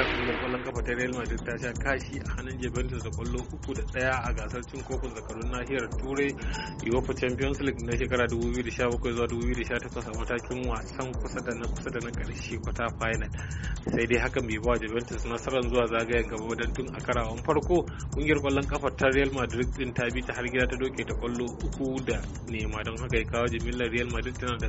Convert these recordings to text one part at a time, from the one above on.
ya kungiyar kwallon kafa ta Real Madrid ta sha kashi a hannun Juventus da kwallo uku da daya a gasar cin kofin zakarun nahiyar Turai UEFA Champions League na shekara 2017 zuwa 2018 a matakin wasan kusa da na kusa da na karshe kwata final. Sai dai hakan bai ba Juventus nasarar zuwa zagayen gaba don tun a karawan farko kungiyar kwallon kafa ta Real Madrid din ta bi ta har gida ta doke ta kwallo uku da nema don haka ya kawo jimillar Real Madrid tana da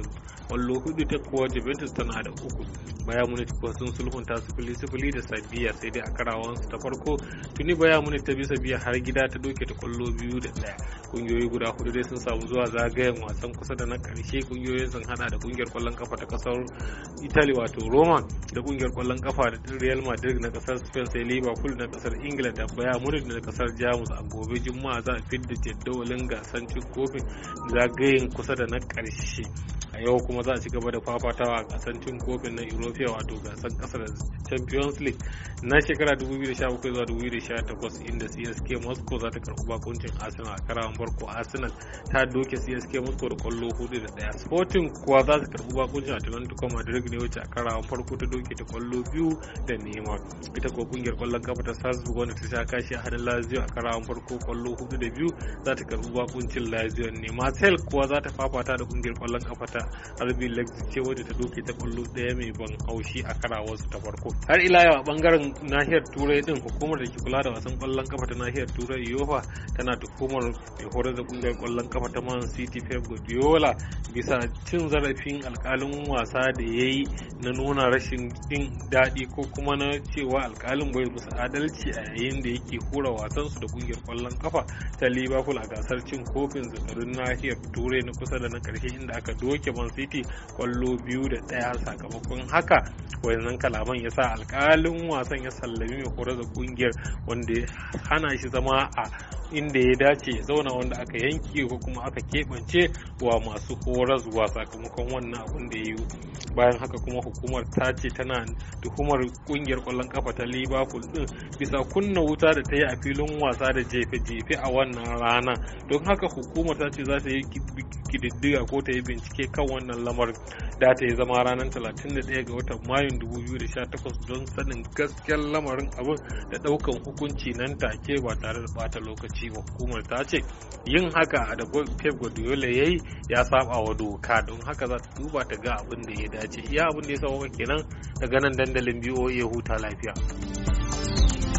kwallo hudu ta kuwa Juventus tana da uku. Bayan Munich kuwa sun sulhunta sifili sifili da sabiya sai dai a karawansu ta farko tuni baya muni ta bi sabiya har gida ta doke ta kwallo biyu da daya kungiyoyi guda hudu dai sun samu zuwa zagayen wasan kusa da na karshe kungiyoyin sun hada da kungiyar kwallon kafa ta kasar italy wato roma da kungiyar kwallon kafa da real madrid na kasar spain sai liverpool na kasar england da baya muni na kasar jamus a gobe juma'a za a fidda jaddawalin gasar cin kofin zagayen kusa da na karshe a yau kuma za a ci gaba da fafatawa a gasar cin kofin na europe wato gasar kasar Champions League na shekara 2017 zuwa 2018 inda CSK Moscow za ta karɓi bakuncin Arsenal a karawan farko Arsenal ta doke CSK Moscow da kwallo hudu da daya Sporting kuwa za su karɓi bakuncin Atletico Madrid ne wacce a karawan farko ta doke ta kwallo biyu da nema ita ko kungiyar kwallon kafa ta Salzburg wanda ta sha kashi a hannun Lazio a karawan farko kwallo hudu da biyu za ta karɓi bakuncin Lazio ne Marcel kuwa za ta fafata da kungiyar kwallon kafa ta ta RB Leipzig ce wadda ta doke ta kwallo ɗaya mai ban haushi a karawarsu ta farko har ila yau a bangaren nahiyar turai din hukumar da ke kula da wasan kwallon kafa ta nahiyar turai yofa tana tuhumar mai horar da kungiyar kwallon kafa ta Man City Pep Guardiola bisa cin zarafin alkalin wasa da ya yi na nuna rashin jin daɗi ko kuma na cewa alkalin bai musu adalci a yayin da yake hura wasansu da kungiyar kwallon kafa ta Liverpool a gasar cin kofin zakarun nahiyar turai na kusa da na karshe inda aka doke doke man city kwallo biyu da ɗaya sakamakon haka wannan kalaman ya sa alkalin wasan ya sallami mai horar da kungiyar wanda hana shi zama a inda ya dace ya zauna wanda aka yanke ko kuma aka keɓance wa masu horaswa sakamakon wannan abun da yi bayan haka kuma hukumar ta ce tana tuhumar kungiyar kwallon kafa ta liverpool din bisa kunna wuta da ta yi a filin wasa da jefe-jefe a wannan rana don haka hukumar ta ce za ta yi kididdiga ko ta yi bincike kan kan wannan lamarin da ta yi zama ranar 31 ga watan mayun 2018 don sanin gasken lamarin abin da daukan hukunci nan take ba tare da bata lokaci ba hukumar ta ce yin haka da pep guardiola ya yi ya saba wa doka don haka za ta duba ta ga abin da ya dace iya abin da ya saba kenan daga nan dandalin boa huta lafiya